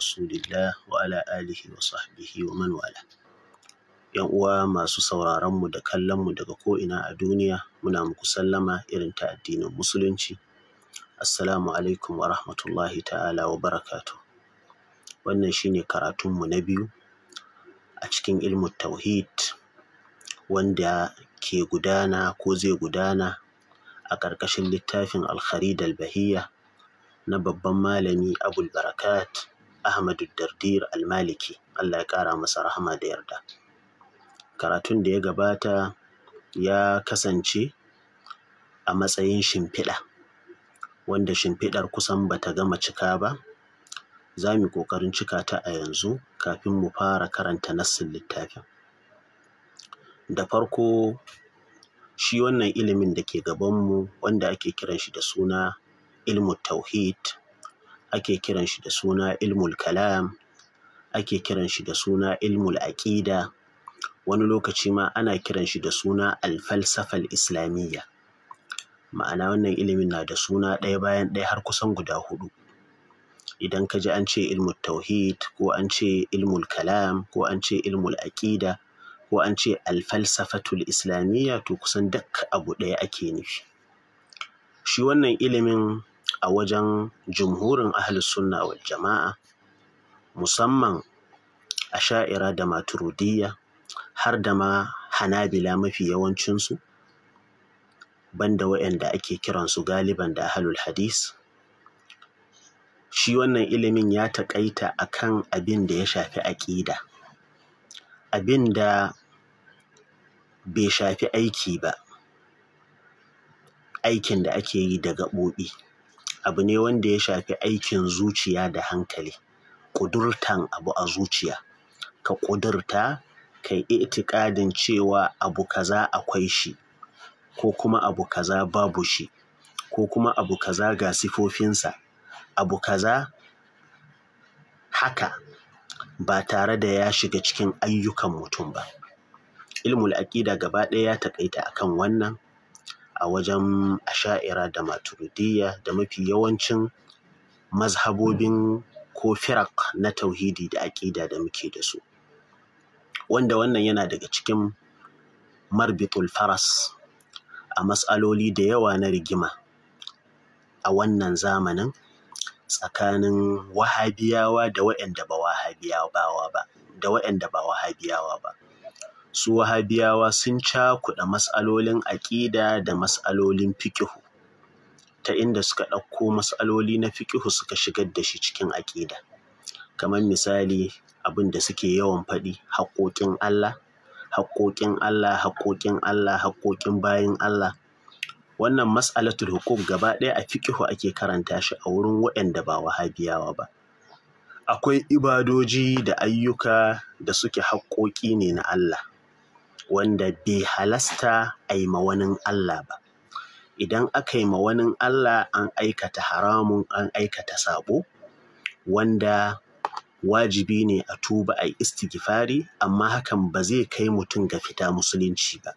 رسول الله وعلى آله وصحبه ومن والاه ‘Yan uwa masu sauraronmu da kallonmu daga ko'ina a duniya, muna muku sallama irin ta addinin Musulunci. Assalamu alaikum wa rahmatullahi ta'ala wa barakatu. Wannan shi ne karatunmu na biyu a cikin ilmin tauhid wanda ke gudana ko zai gudana a ƙarƙashin littafin Alkharidal Bahiyya na babban malami Abul Barakat Ahmadu Dardir Almaliki, Allah ya ƙara masa rahama da yarda. Karatun da ya gabata ya kasance a matsayin shimfiɗa, wanda shimfiɗar kusan ba ta gama cika ba, za mu ƙoƙarin cika ta a yanzu kafin mu fara karanta nassin littafin. Da farko shi wannan ilimin da ke gabanmu wanda ake kiran shi da suna ilmu tauhid ake kiran shi da suna ilmul kalam ake kiran shi da suna ilmul aqida wani lokaci ma ana kiran shi da suna alfalsafal islamiyya ma'ana wannan ilimin na da suna ɗaya bayan ɗaya har kusan guda hudu idan ka ji an ce ilmul tauhid ko an ce ilmul kalam ko an ce ilmul aqida ko an ce alfalsafatul islamiyya to kusan duk abu ɗaya ake nufi shi wannan ilimin a wajen jumhurin ahlus sunna wal jama'a musamman a sha'ira da maturidiyya har da ma hanabila mafi yawancinsu banda waɗanda ake kiransu galiban da ahlul hadis shi wannan ilimin ya taƙaita a kan abin da ya shafi aƙida abin da bai shafi aiki ba aikin da ake yi da gaɓoɓi abu ne wanda ya shafi aikin zuciya da hankali. Ƙudurtan abu a zuciya. Ka ƙudurta, ka yi itikadin cewa abu kaza akwai shi ko kuma abu kaza babu shi ko kuma abu kaza ga sifofinsa. Abu kaza haka ba tare da ya shiga cikin ayyukan mutum ba. Ilmul aƙida gaba ɗaya ya taƙaita akan wannan. a wajen asha'ira da maturidiyya da mafi yawancin mazhabobin ko firak na tauhidi da aƙida da muke da su wanda wannan yana daga cikin marbitul faras a matsaloli da yawa na rigima a wannan zamanin tsakanin wahabiyawa da waɗanda ba wahabiyawa ba da waɗanda ba wahabiyawa ba su Wahabiyawa sun cakuɗa mas'alolin aƙida da mas'alolin fiƙihu ta inda suka ɗauko mas'aloli na fiƙihu suka shigar da shi cikin aƙida. Kamar misali abin da suke yawan faɗi haƙoƙin Allah, haƙoƙin Allah, haƙoƙin Allah, haƙoƙin bayin Allah. Wannan mas'alatul hukum gaba ɗaya a fiƙihu ake karanta shi a wurin waɗanda ba Wahabiyawa ba. Akwai ibadoji da ayyuka da suke haƙƙoƙi ne na Allah. wanda bai halasta a yi ma Allah ba. Idan aka yi ma wani Allah an aikata haramun an aikata sabo wanda wajibi ne a tuba a istigifari istighfari amma hakan ba zai kai mutum ga fita musulunci ba.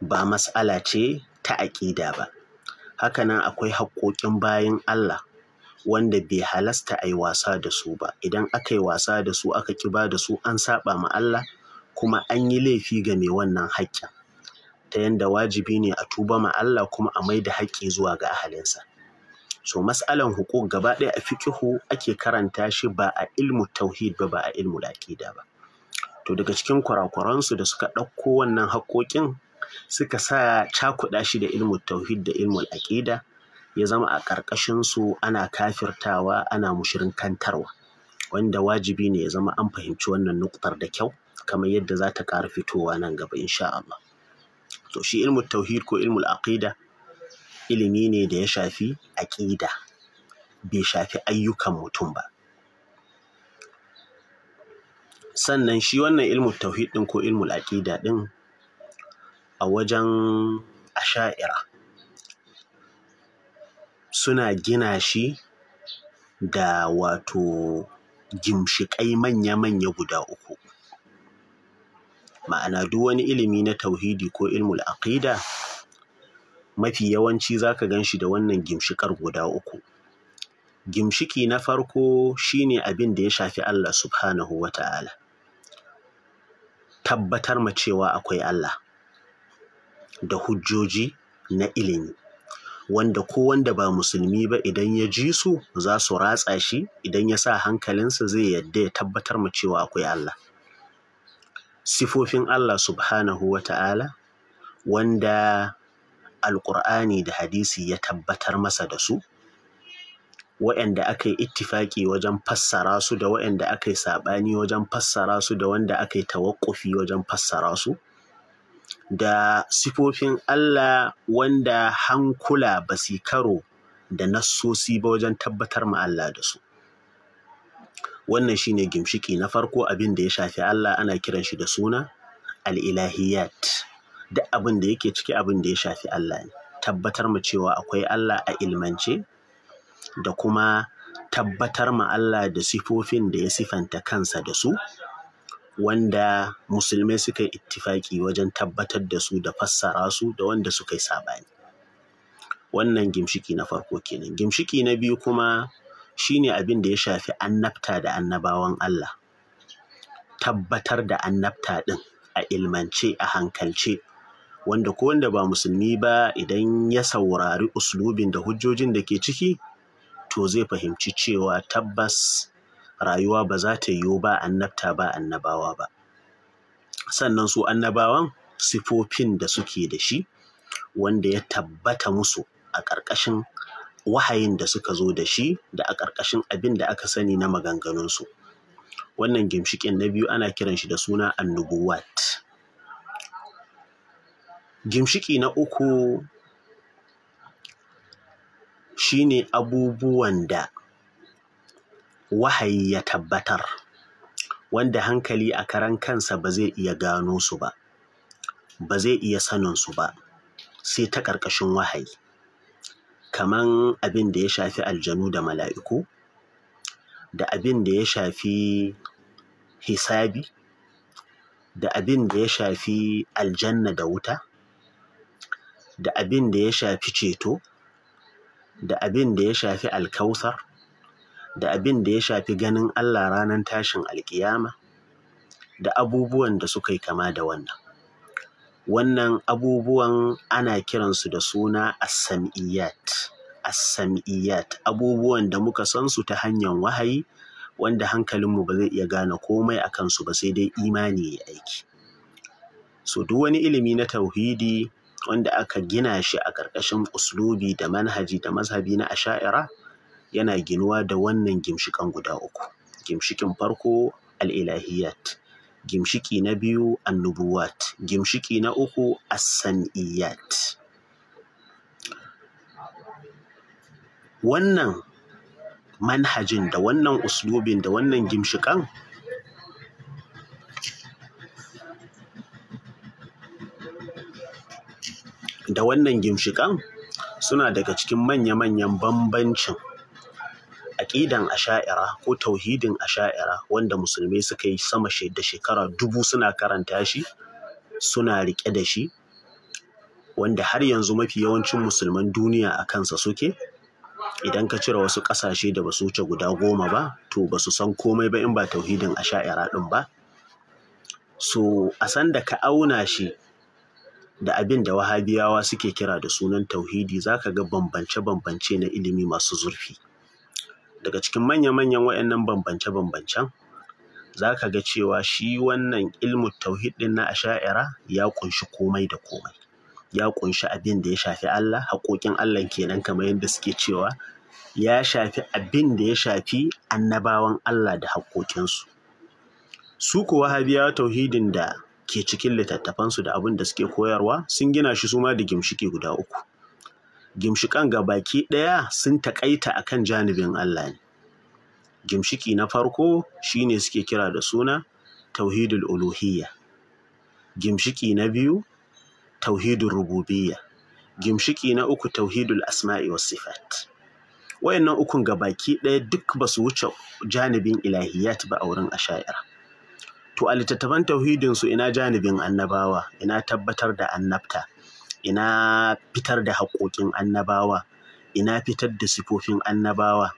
Ba mas'ala ce ta aƙida ba. Hakanan akwai haƙƙoƙin bayan Allah wanda bai halasta a yi wasa da su ba idan aka yi wasa da su aka ƙi ba da su an saɓa ma Allah kuma an yi laifi ga mai wannan haƙƙin ta yadda wajibi ne a tuba ma Allah kuma a mai da haƙƙi zuwa ga ahalinsa. So mas'alan hukuk gaba ɗaya a fiƙihu ake karanta shi ba a ilmu tauhid ba ba a ilmu aƙida ba. To daga cikin su da suka ɗauko wannan haƙƙoƙin suka sa cakuɗa shi da ilmu tauhid da ilmu aƙida ya zama a ƙarƙashinsu ana kafirtawa ana mushrinkantarwa wanda wajibi ne ya zama an fahimci wannan nuktar da kyau kamar yadda za ta ƙara fitowa nan gaba insha Allah to shi ilmul tauhid ko ilmul aqida ilimi ne da ya shafi aƙida bai shafi ayyukan mutum ba sannan shi wannan ilmul tauhid ɗin ko ilmul aƙida din a wajen asha'ira suna gina shi da wato gimshiƙai manya-manya guda uku ma'ana duk wani ilimi na tauhidi ko ilmul aqida mafi yawanci za ka gan da wannan gimshikar guda uku gimshiki na farko shine abin da ya shafi Allah subhanahu wa ta'ala tabbatar ma cewa akwai Allah da hujjoji na ilimi wanda ko wanda ba musulmi ba idan ya ji su za su ratsa shi idan ya sa hankalinsa zai yadda ya tabbatar ma cewa akwai Allah sifofin Allah subhanahu wa ta'ala wanda alkur'ani da hadisi ya tabbatar masa da su wa'anda aka yi ittifaki wajen fassara su da wa'anda aka yi saɓani wajen fassara su da wanda aka yi tawakkufi wajen fassara su da sifofin Allah wanda hankula ba karo da nassosi ba wajen tabbatar ma Allah da su Wannan shi ne gimshiki na farko abin da ya shafi Allah ana kiran shi da suna al'ilahiyat. Duk abin da yake ciki abin da ya shafi Allah ne. Tabbatar mu cewa akwai Allah a ilmance da kuma tabbatar ma Allah da sifofin da ya sifanta kansa da su wanda musulmai suka yi ittifaki wajen tabbatar da su da fassara su da wanda suka yi sabani. Wannan gimshiki na farko kenan. Gimshiki na biyu kuma Shi ne abin da ya shafi annabta da annabawan Allah tabbatar da annabta ɗin a ilmance a hankalce wanda ko wanda ba musulmi ba idan ya saurari uslubin da hujjojin da ke ciki to zai fahimci cewa tabbas rayuwa ba za ta yiwu ba annabta ba annabawa ba sannan su annabawan sifofin da suke da shi wanda ya tabbata musu a ƙarƙashin wahayin da suka zo da shi da a ƙarƙashin abin da aka sani na maganganunsu wannan gimshiƙin na biyu ana kiran shi da suna annubuwat gimshiƙi na uku shine abubuwan da wahayi ya tabbatar wanda hankali a karan kansa ba zai iya gano su ba ba zai iya saninsu ba sai ta ƙarƙashin wahayi kaman abin da ya shafi aljanu da mala'iku da abin da ya shafi hisabi da abin da ya shafi aljanna da wuta da abin da ya shafi ceto da abin da ya shafi alkausar da abin da ya shafi ganin Allah ranar tashin alkiyama da abubuwan da suka yi kama da wannan Wannan abubuwan ana kiransu da suna asam'iyat asam'iyat abubuwan da muka san su ta hanyar wahayi wanda hankalinmu ba zai iya gane komai a kansu ba sai dai imani ya aiki. So duk wani ilimi na tauhidi wanda aka gina shi a ƙarƙashin uslubi da manhaji da mazhabi na Asha'ira yana ginuwa da wannan ginshiƙan guda uku. ginshiƙin farko al gimshiki na biyu annubuwat gimshiki na uku asan'iyat wannan manhajin da wannan uslubin da wannan gimshikan da wannan gimshikan suna daga cikin manya-manyan bambancin aƙidan asha'ira ko tauhidin asha'ira wanda musulmai suka yi sama da shekara dubu suna karanta shi suna riƙe da shi wanda har yanzu mafi yawancin musulman duniya a kansa suke idan ka cire wasu ƙasashe da ba su wuce guda goma ba to ba su san komai ba in ba tauhidin asha'ira ɗin ba so a san da ka auna shi da abin da wahabiyawa suke kira da sunan tauhidi za ka ga bambance-bambance na ilimi masu zurfi. daga cikin manya-manyan waɗannan bambance-bambancen za ka ga cewa shi wannan ilmu tauhid ɗin na asha'ira ya ƙunshi komai da komai ya ƙunshi abin da ya shafi Allah haƙoƙin Allah kenan kamar yadda suke cewa ya shafi abin da ya shafi annabawan Allah da haƙoƙinsu su kuwa habiya tauhidin da ke cikin littattafansu da abin da suke koyarwa sun gina shi su ma da gimshiki guda uku Gimshikan gabaki ɗaya sun taƙaita a kan janibin Allah ne. Gimshiki na farko shi ne suke kira da suna tauhidul uluhiyya. gimshiki na biyu tauhidul rububiyya. gimshiki na uku tauhidul asma'i wa sifat. Wayannan ukun gabaki ɗaya duk ba su wuce janibin ilahiyat ba a wurin asha'ira. To a littattafan tauhidinsu ina janibin annabawa, ina tabbatar da annabta, ina fitar da haƙoƙin annabawa ina fitar da sifofin annabawa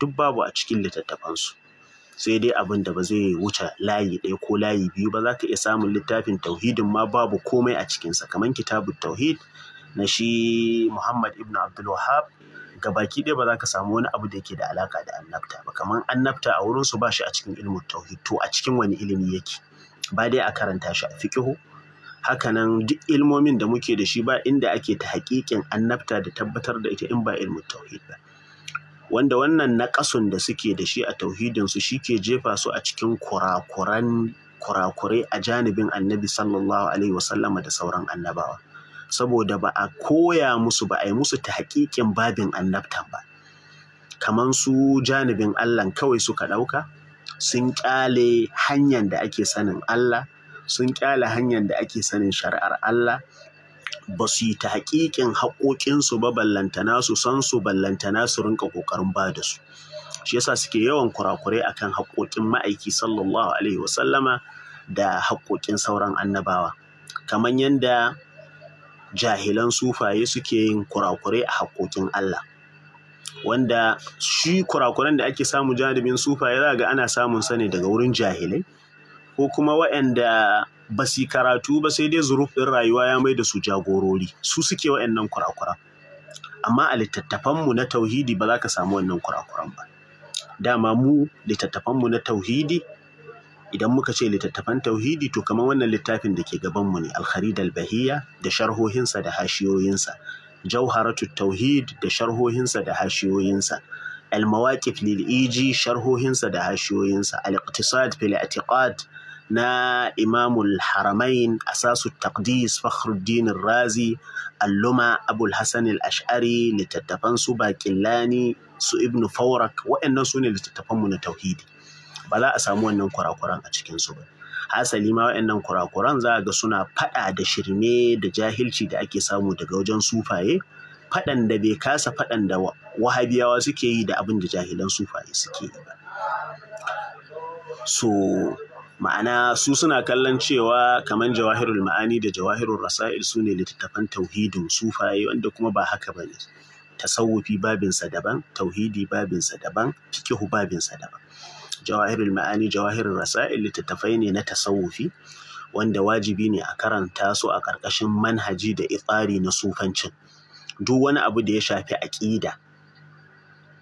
duk babu a cikin littattafansu sai dai abin da ba zai wuce layi ɗaya ko layi biyu ba za ka iya samun littafin tauhidin ma babu komai a cikinsa kamar kitabun tauhid na shi muhammad ibn abdul wahab baki ɗaya ba za ka samu wani abu da yake da alaka da annabta ba kamar annabta a wurinsu ba shi a cikin ilimin tauhid to a cikin wani ilimi yake ba dai a karanta shi a fiƙihu hakanan duk ilmomin da muke da shi ba inda ake ta haƙiƙin annabta da tabbatar da ita in ba ilmin tauhid ba wanda wannan naƙasun da suke da shi a tauhidinsu shi ke jefa su a cikin kurakuran kurakurai a janibin annabi sallallahu alaihi wasallama da sauran annabawa saboda ba a koya musu ba a yi musu ta haƙiƙin babin annabta ba kamar su janibin allah kawai suka ɗauka sun ƙyale hanyar da ake sanin allah sun kyale hanyar da ake sanin shari'ar Allah ba su yi haƙiƙin haƙoƙinsu ba ballantana su san su ballantana su rinka ƙoƙarin ba da su shi yasa suke yawan kurakurai akan haƙoƙin ma'aiki sallallahu alaihi wasallama da haƙoƙin sauran annabawa kamar yadda jahilan sufaye suke yin kurakurai a haƙoƙin Allah wanda shi kurakuran da ake samun janibin sufaye za ga ana samun sa ne daga wurin jahilai ko kuma waɗanda ba su karatu ba sai dai zuruf ɗin rayuwa ya mai da su jagorori su suke waɗannan kurakuran amma a littattafanmu na tauhidi ba za ka samu wannan kurakuran ba dama mu littattafanmu na tauhidi idan muka ce littattafan tauhidi to kamar wannan littafin da ke gabanmu ne alkharidal bahiya da sharhohinsa da hashiyoyinsa jauharatu tauhid da sharhohinsa da hashiyoyinsa المواقف للإيجي شرحه هنسا ده هاشيوينسا الاقتصاد fil i'tiqad na imamul haramain asasu taqdis fakhruddin razi alluma abul hasan al-ash'ari littattafan su baqillani su ibnu Faurak. waɗannan su ne littattafan mu na tauhidi ba za a samu wannan kurakuran a cikin su ba hasali ma waɗannan kurakuran za a ga suna faɗa da shirme da jahilci da ake samu daga wajen sufaye faɗan da bai kasa faɗan da wahabiyawa suke yi da abin da jahilan sufaye suke yi ba so Ma'ana su suna kallon cewa kaman Jawahirul Ma'ani da Jawahirul Rasail su ne littattafan tauhidin sufaye wanda kuma ba haka ba ne, Tasawufi babinsa daban, tauhidi babinsa daban, fikihu babinsa daban. Jawahirul Ma'ani, Jawahirul Rasail littattafai ne na tasawufi wanda wajibi ne a karanta su a ƙarƙashin manhaji da itsari na sufancin. Duk wani abu da ya shafi aƙida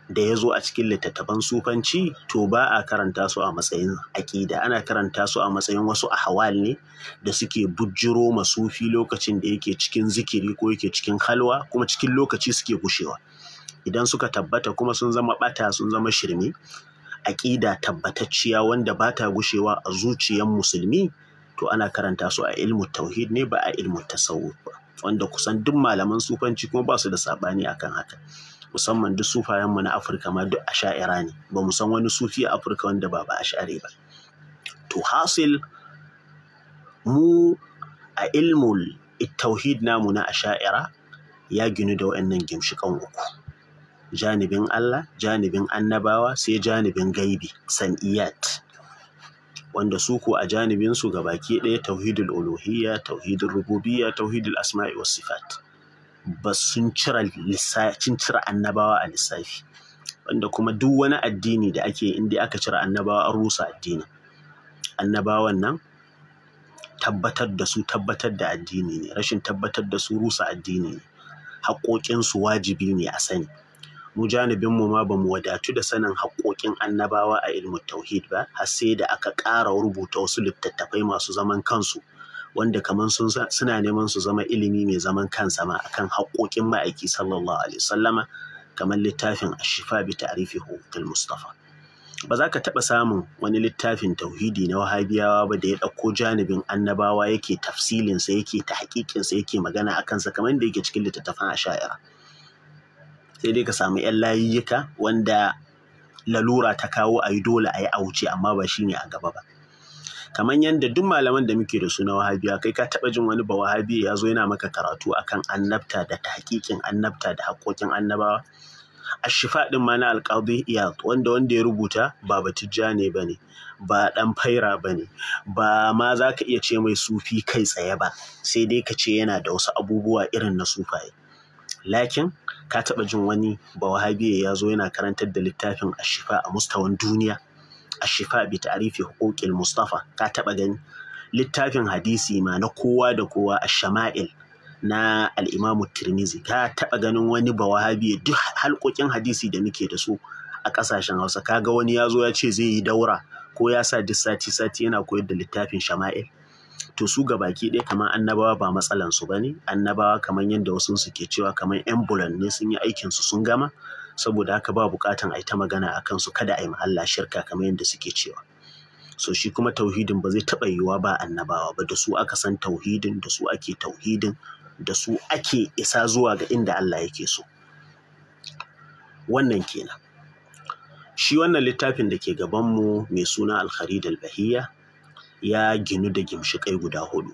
da ya zo a cikin littattafan sufanci to ba a karanta su a matsayin aƙida ana karanta su a matsayin wasu a ahwal ne da suke bujiro masufi lokacin da yake cikin zikiri ko yake cikin halwa kuma cikin lokaci suke gushewa idan suka tabbata kuma sun zama ɓata sun zama shirme aƙida tabbatacciya wanda ba ta gushewa a zuciyar musulmi to ana karanta su a ilmu tauhid ne ba a ilmu tasawuf ba wanda kusan duk malaman sufanci kuma ba su da saɓani akan haka musamman duk sufayen mu na Afirka ma duk asha'ira ne ba mu san wani sufi a Afirka wanda ba ba ash'ari ba to hasil mu a ilmul tauhid namu na asha'ira ya ginu da waɗannan gimshikan uku janibin Allah janibin annabawa sai janibin gaibi san'iyat wanda su ko a janibinsu gabaki ɗaya tauhidul uluhiyya tauhidul rububiyya tauhidul asma'i was sifat ba sun cire cire annabawa a lissafi wanda kuma duk wani addini da ake inda aka cire annabawa an rusa addini? annabawan nan tabbatar da su tabbatar da addini ne rashin tabbatar da su rusa addini ne su wajibi ne a sani mu mu ma bamu mu wadatu da sanin haƙoƙin annabawa a ilmin tauhid ba har sai da aka ƙara rubuta wasu littattafai masu zaman kansu wanda kamar sun suna neman su zama ilimi mai zaman kansa ma akan haƙoƙin ma'aiki sallallahu alaihi sallama kamar littafin ashifa bi ta'rifi hukukul mustafa ba za ka taɓa samun wani littafin tauhidi na wahabiyawa ba da ya ɗauko janibin annabawa yake tafsilinsa yake ta haƙiƙinsa yake magana a kansa kamar da yake cikin littattafan asha'ira sai dai ka samu 'yan layiyyuka wanda lalura ta kawo ayi dole a yi a wuce amma ba shi ne a gaba ba kamar yadda duk malaman da muke da su na wahabiya kai ka taɓa jin wani ba wahabi ya zo yana maka karatu akan annabta da tahqiqin annabta da haƙoƙin annabawa ashifa ɗin ma na alƙadi iyad wanda wanda ya rubuta ba batijja ne ba ne ba ɗan faira ba ne ba ma za ka iya ce mai sufi kai tsaye ba sai dai ka ce yana da wasu abubuwa irin na sufaye lakin ka taɓa jin wani ba wahabiya ya zo yana karantar da littafin ashifa a mustawan duniya ashifa bi ta'rifi huquqil mustafa ka taba gani littafin hadisi ma na kowa da kowa ash-shama'il na al-imamu tirmizi ka taba ganin wani bawahabi duk halkokin hadisi da muke da su a kasashen Hausa kaga wani ya zo ya ce zai yi daura ko ya sa duk sati sati yana koyar da littafin shama'il to su ga baki ɗaya kamar annabawa ba matsalan su ne? annabawa kamar yadda wasu suke cewa kamar yan ne sun yi aikin su sun gama saboda haka ba bukatan a yi ta magana a kansu kada a yi Allah shirka kamar yadda suke cewa so shi kuma tauhidin ba zai taɓa yiwuwa ba annabawa ba da su aka san tauhidin da su ake tauhidin da su ake isa zuwa ga inda Allah yake so wannan kenan shi wannan littafin da ke gabanmu mai suna alkharid al ya ginu da gimshiƙai guda hudu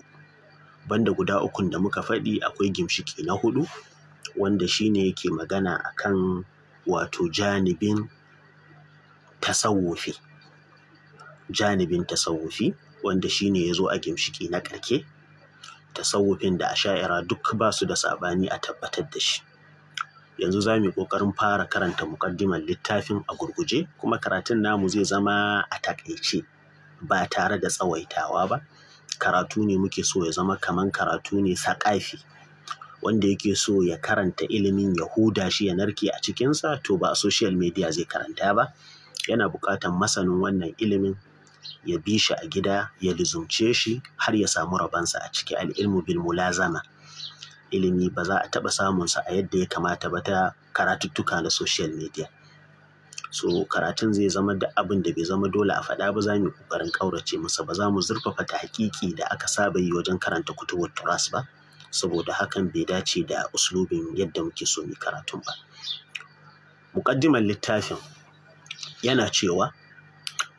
banda guda ukun da muka faɗi akwai gimshiki na hudu wanda shine yake magana akan wato janibin tasawufi janibin tasawufi wanda shine ya zo a gimshiki na ƙarke tasawufin da a sha'ira duk ba su da saɓani a tabbatar da shi yanzu za mu yi ƙoƙarin fara karanta muƙaddimar littafin a gurguje kuma karatun namu zai zama a taƙaice ba tare da tsawaitawa ba karatu ne muke so ya zama kaman karatu ne saƙafi wanda yake so ya karanta ilimin ya shi ya narke a cikinsa to ba a social media zai karanta ba yana buƙatar masanin wannan ilimin ya bi shi a gida ya lizumce shi har ya samu rabansa a ciki al'ilmu bil mulazama ilimi ba za a taɓa samunsa a yadda ya kamata ba ta karatuttuka na social media so karatun zai zama da abin da bai zama dole a faɗa ba za mu ƙoƙarin ƙaurace masa ba za mu zurfafa ta hakiki da aka saba yi wajen karanta kutubut turas ba saboda hakan bai dace da uslubin yadda muke so mu karatun ba muƙaddimar littafin yana cewa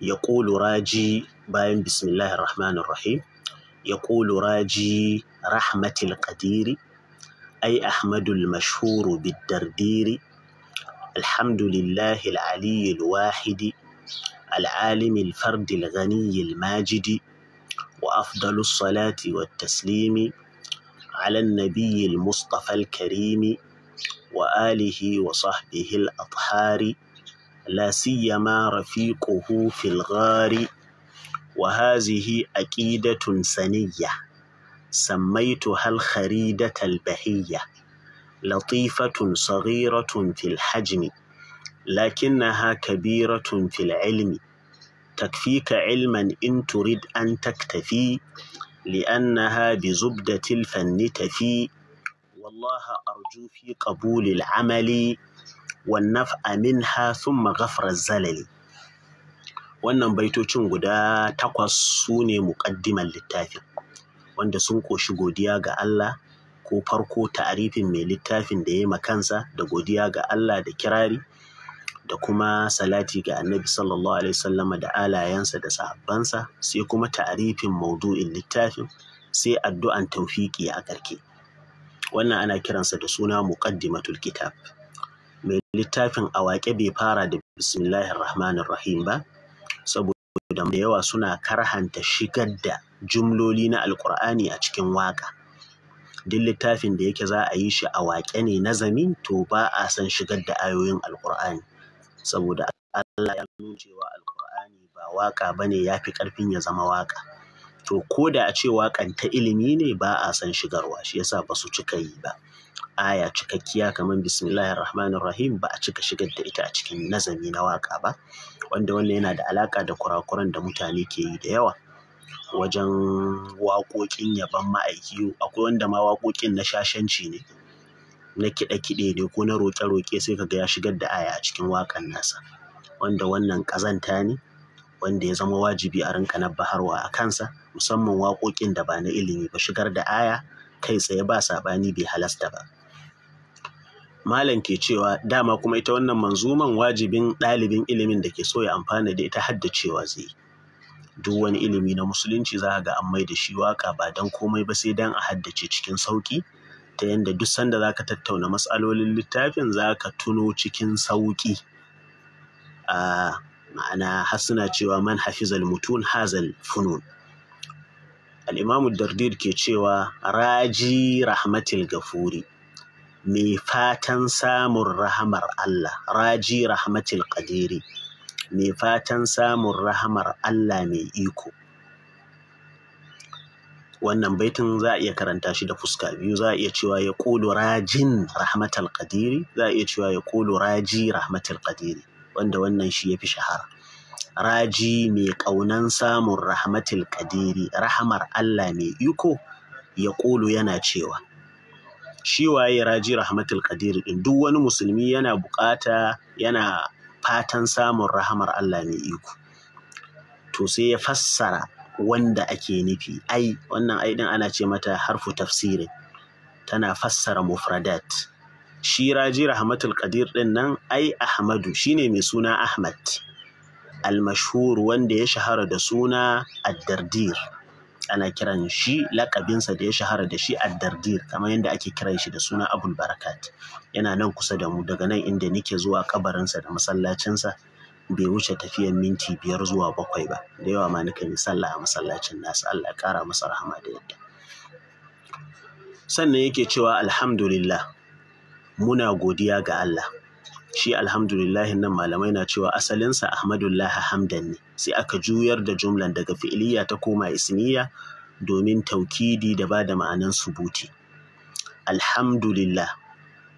ya ƙulu raji bayan bismillahir rahmanir rahim ya ƙulu raji rahmatil qadiri ai ahmadul mashhuru biddardiri alhamdulillahil aliyyil wahidi العالم الفرد الغني الماجد وأفضل الصلاة والتسليم على النبي المصطفى الكريم وآله وصحبه الأطهار لا سيما رفيقه في الغار وهذه أكيدة سنية سميتها الخريدة البهية لطيفة صغيرة في الحجم لكنها كبيرة في العلم تكفيك علما إن تريد أن تكتفي لأنها بزبدة الفن تفي والله أرجو في قبول العمل والنفع منها ثم غفر الزلل wannan baitocin guda takwas su ne muƙaddimar littafin wanda sun ƙoshi godiya ga Allah ko farko ta'arifin mai littafin da ya yi makansa da godiya ga Allah da kirari da kuma salati ga annabi sallallahu alaihi wasallama da alayensa da sahabbansa sai kuma ta'arifin maudu'in littafin sai addu'an tawfiqi a karke wannan ana kiransa da suna muqaddimatul kitab mai littafin a bai fara da bismillahir rahmanir rahim ba saboda da yawa suna karhanta shigar da jumloli na alkur'ani a cikin waƙa duk littafin da yake za a yi shi a waƙe ne nazami to ba a san shigar da ayoyin Alƙur'ani. saboda Allah ya nuna cewa Alkur'ani ba waƙa bane ya fi ƙarfin ya zama waƙa. To ko da a ce waƙan ta ilimi ne ba a san shigarwa shi yasa ba su cika yi ba. Aya cikakkiya kamar Bismillahir Rahmanir Rahim ba a cika shigar da ita a cikin nazami na waƙa ba wanda wannan yana da alaƙa da kurakuran da mutane ke yi da yawa. Wajen waƙoƙin yabon ma'aikiyu akwai wanda ma waƙoƙin na shashanci ne. na kiɗe-kiɗe ne ko na roƙe-roƙe sai kaga ya shigar da aya a cikin waƙan nasa wanda wannan ƙazanta ne wanda ya zama wajibi a rinka na baharwa a kansa musamman waƙoƙin da ba na ilimi ba shigar da aya kai tsaye ba saɓani bai halasta ba malam ke cewa dama kuma ita wannan manzuman wajibin ɗalibin ilimin da ke so ya amfana da ita haddacewa zai duk wani ilimi na musulunci za ga an mai da shi waƙa ba don komai ba sai don a haddace cikin sauƙi ta yadda duk sanda za ka tattauna matsalolin littafin za ka tuno cikin sauƙi. A ah, ma'ana har cewa man hafizal mutun hazal funun. Al'imamu Dardir ke cewa raji rahmatil gafuri mai fatan samun rahamar Allah raji rahmatil qadiri mai fatan samun rahamar Allah mai iko. wannan baitin za a iya karanta shi da fuska biyu za a iya cewa ya ƙulu rajin rahmatal qadiri za a iya cewa ya ƙulu raji rahmatal qadiri wanda wannan shi yafi shahara raji mai ƙaunan samun rahmatul qadiri rahamar Allah mai iko ya ƙulu yana cewa shi waye raji rahmatul qadiri din duk wani musulmi yana bukata yana fatan samun rahamar Allah mai iko to sai ya fassara wanda ake nufi ai wannan ai din ana ce mata harfu tafsirin tana fassara mufradat shi raji rahmatul qadir din nan ai ahmadu shine mai suna ahmad almashhur wanda ya shahara da suna addardir ana kiran shi lakabinsa da ya shahara da shi addardir kamar yadda ake kiran shi da suna abul barakat yana nan kusa da mu daga nan inda nake zuwa kabarinsa da masallacinsa bai wuce tafiyar minti biyar zuwa bakwai ba da yawa ma nakan yi sallah a masallacin nasu Allah ya ƙara masa rahama da yadda sannan yake cewa alhamdulillah muna godiya ga Allah shi alhamdulillah nan malamai na cewa asalinsa ahmadullah hamdan ne sai aka juyar da jumlan daga fi'iliya ta koma isniya domin taukidi da ba da ma'anan subuti alhamdulillah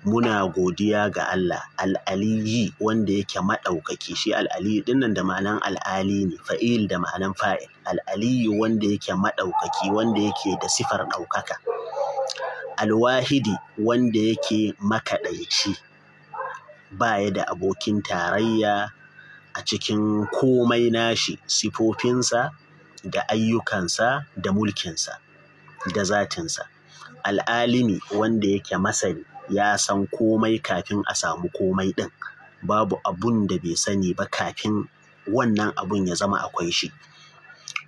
muna godiya ga Allah Al'aliyi wanda yake maɗaukaki shi din dinnan da ma'anan al'ali ne fa'il da ma'anan fa'il Al'aliyi wanda yake maɗaukaki wanda yake da sifar ɗaukaka alwahidi wanda yake makaɗaici ba ya da abokin tarayya a cikin komai nashi sifofinsa da ayyukansa da mulkinsa da zatinsa al'alimi wanda yake masani ya san komai kafin a samu komai ɗin. Babu abun da bai sani ba kafin wannan abun ya zama akwai shi.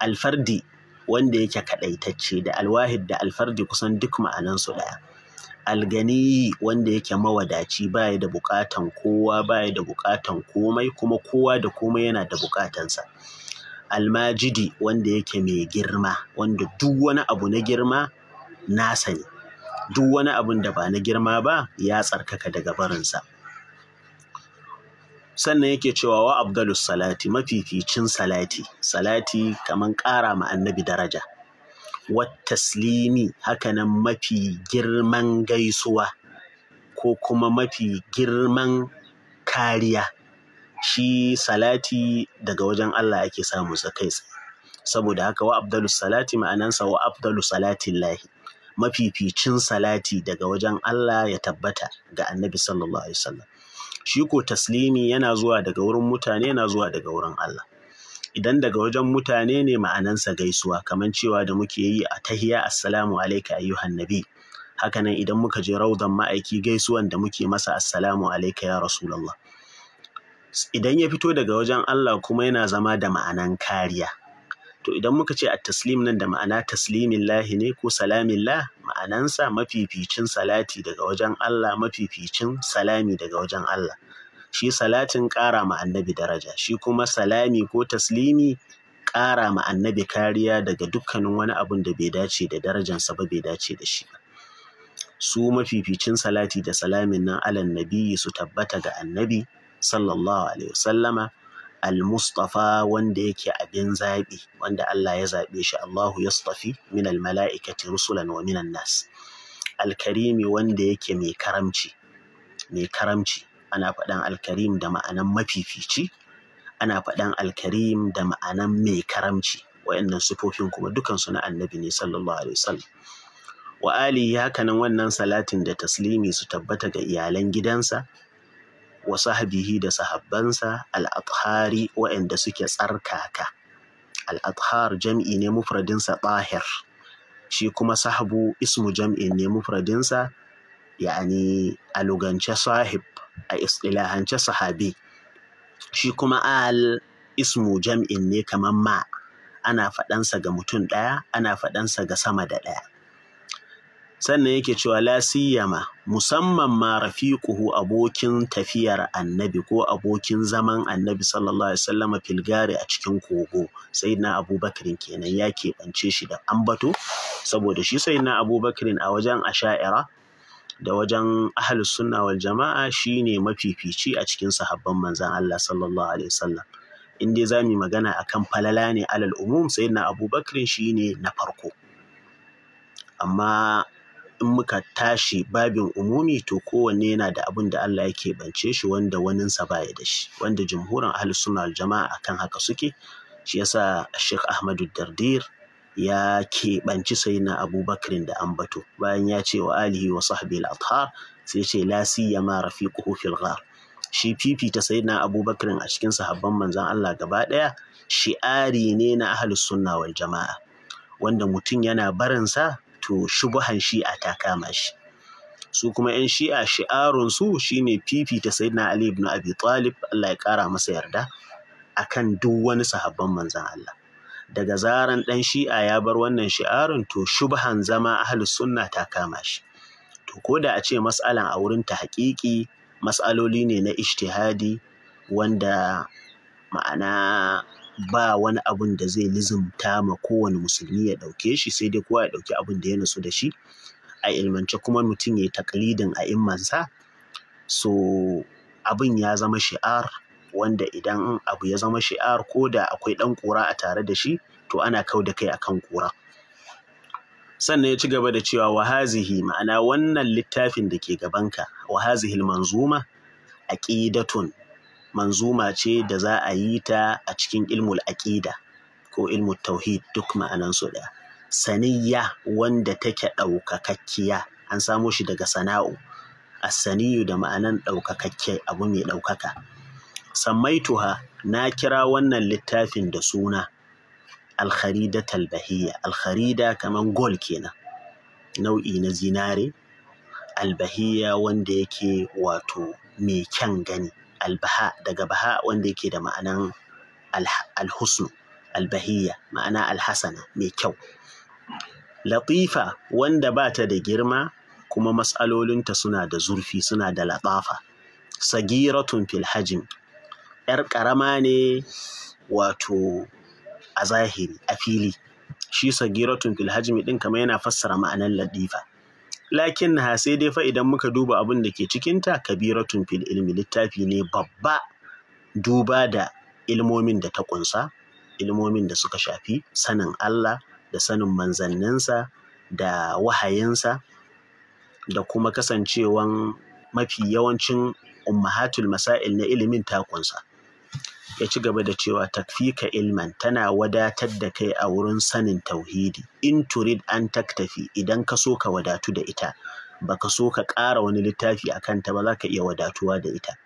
Alfardi wanda yake kaɗaitacce da alwahid da alfardi kusan duk ma'anansu ɗaya. Alganiyi wanda yake mawadaci baya da buƙatan kowa baya da buƙatan komai kuma kowa da komai yana da buƙatansa. Almajidi wanda yake mai girma wanda duk wani abu na girma nasa ne. duk wani abin da ba na girma ba ya tsarkaka daga barinsa sannan yake cewa wa abdalus salati mafificin salati salati kamar ƙara ma annabi daraja taslimi hakanan mafi girman gaisuwa ko kuma mafi girman kariya shi salati daga wajen Allah ake samu kai tsaye saboda haka wa abdalus salati ma'anansa wa abdalus salatin lahi mafificin salati daga wajen Allah ya tabbata ga annabi sallallahu alaihi wasallam shi ko taslimi yana zuwa daga wurin mutane yana zuwa daga wurin Allah idan daga wajen mutane ne ma'anansa gaisuwa kamar cewa da muke yi a tahiya assalamu alayka ayyuhan nabi hakanan idan muka je raudan ma'aiki gaisuwan da muke masa assalamu alaika ya rasulullah idan ya fito daga wajen Allah kuma yana zama da ma'anan kariya to idan muka ce a taslim nan da ma'ana taslimin lahi ne ko salamin la ma'anansa mafificin salati daga wajen Allah mafificin salami daga wajen Allah shi salatin ƙara ma annabi daraja shi kuma salami ko taslimi ƙara ma annabi kariya daga dukkanin wani abun da bai dace da darajansa ba bai dace da shi su mafificin salati da salamin nan alannabi su tabbata ga annabi sallallahu alaihi wasallama al-mustafa wanda yake abin zaɓi wanda Allah ya zaɓe shi Allahu yastafi min al-mala'ikati rusulan wa minan nas al-karimi wanda yake mai karamci mai karamci ana faɗan al-karim da ma'anan mafifici ana faɗan al-karim da ma'anan mai karamci wayannan sufofin kuma dukansu na annabi ne sallallahu alaihi wasallam wa ali hakanan wannan salatin da taslimi su tabbata ga iyalan gidansa wa sahbihi da sahabbansa al-athari waɗanda suke tsarkaka al-athar jam'i ne mufradinsa ɓahir, shi kuma sahabu ismu jam'in ne mufradinsa yani a lugance sahib a istilahance sahabi shi kuma al ismu jam'in ne kamar ma ana faɗansa ga mutum ɗaya ana faɗansa ga sama da ɗaya sannan yake cewa la siyama musamman ma rafiquhu abokin tafiyar annabi ko abokin zaman annabi sallallahu alaihi wasallam filgari a cikin kogo sayyidina Abubakar kenan ya keɓance shi da ambato saboda shi sayyidina Abubakar a wajen asha'ira da wajen ahlus sunna wal jama'a shine mafifici a cikin sahabban manzon Allah sallallahu alaihi wasallam in dai zamu magana akan falala ne alal umum sayyidina shi shine na farko amma in muka tashi babin umumi to kowanne yana da abin da Allah yake bance shi wanda waninsa baya da shi wanda jumhurin ahli sunna jama'a akan haka suke shi yasa Sheikh Ahmadu Dardir ya keɓanci sayyidina Abubakar da ambato bayan ya ce wa alihi wa sahbi al-athar sai ce la siyama rafiquhu fil ghar shi fifita sayyidina Abubakar a cikin sahabban manzon Allah gaba daya Ari ne na ahli sunna wal jama'a wanda mutum yana barinsa to shubuhan shi'a ta kama shi su kuma 'yan shi'a shi'arunsu shine fifi fifita sayyidina ali ibn abi talib Allah ya kara masa yarda akan duk wani sahabban manzan Allah daga zaran ɗan shi'a ya bar wannan shi'arun to shubhan zama ahli sunna ta kama shi to ko da a ce mas'alan a wurin ta haƙiƙi mas'aloli ne na ijtihadi wanda ma'ana ba wani abun da zai lizumta ma kowane musulmi ya ɗauke shi sai dai kowa ya ɗauki abun da ya nasu da shi a ilmance kuma mutum ya yi taklidin a immansa so abin ya zama shi'ar wanda idan abu ya zama shi'ar ko da akwai ɗan ƙura a tare da shi to ana kau da kai kan ƙura sannan ya ci gaba da cewa wahazihi ma'ana wannan littafin da ke gabanka wahazihi manzuma aqidatun manzuma ce da za a yi ta a cikin ilmul aqida ko ilmul tauhid duk ma'anansu da. saniyya wanda take ɗaukakakkiya an samo shi daga sana'u asaniyu da ma'anan ɗaukakakke abu mai ɗaukaka sammaituha na kira wannan littafin da suna alkharida talbahiyya alkharida kamar gol kenan nau'i na zinare albahiyya wanda yake wato mai kyan gani albaha daga baha wanda yake da ma'anan alhusnu albahiyya ma'ana alhasana mai kyau latifa wanda ba ta da girma kuma matsalolinta suna da zurfi suna da latafa sagiratun fil hajin yar karama ne wato a zahiri a fili shi sagiratun fil ɗin din kamar yana fassara ma'anan latifa lakin ha sai dai fa idan muka duba abin da ke cikinta kabiratun fil ilmi littafi ne babba duba da ilmomin da ta kunsa ilmomin da suka shafi sanin Allah da sanin manzanninsa da wahayinsa da kuma kasancewan mafi yawancin ummahatul masail na ilimin ta kunsa ya ci gaba da cewa takfika ilman tana wadatar da kai a wurin sanin tauhidi in turid an taktafi idan ka so ka wadatu da ita baka so ka ƙara wani littafi a kanta ba za ka iya wadatuwa da ita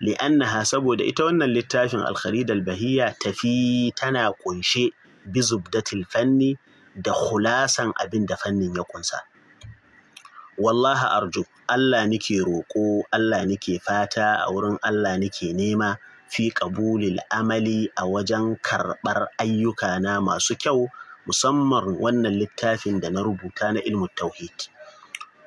li'annaha saboda ita wannan littafin da albahiyya tafi tana kunshe bizubdatil fanni da khulasan abin da fannin ya kunsa wallaha arju Allah nike roƙo Allah nike fata a wurin Allah nike nema fi ƙabulil amali a wajen karɓar ayyukana masu kyau musamman wannan littafin da na rubuta na ilmu tauhid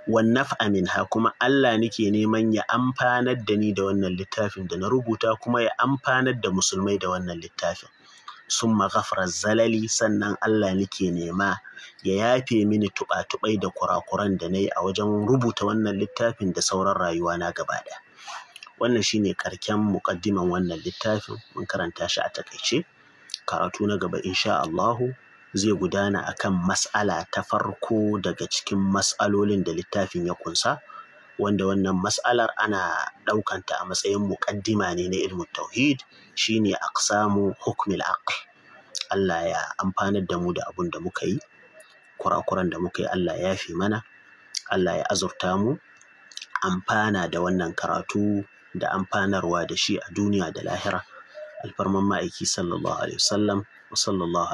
wannan ha, kuma Allah nike neman ya amfanar da ni da wannan littafin da na rubuta kuma ya amfanar da musulmai da wannan littafin Sun ghafara zalali sannan Allah nike nema ya yafe mini tuɓa-tuɓai da kurakuran da na yi a wajen rubuta wannan littafin da sauran rayuwa gaba ɗaya wannan shine karken muƙaddiman wannan littafin mun karanta shi a takaice karatu na gaba insha Allahu zai gudana a kan mas'ala ta farko daga cikin mas'alolin da littafin ya ƙunsa. wanda wannan mas'alar ana ɗaukanta a matsayin muƙaddima ne na ilmu tauhid shine aqsamu hukmil aql Allah ya amfanar da mu da abun da muka yi kurakuran da muka yi Allah ya yafe mana Allah ya azurta mu amfana da wannan karatu da amfanarwa da shi a duniya da lahira alfarman ma'aiki sallallahu alaihi wasallam wa sallallahu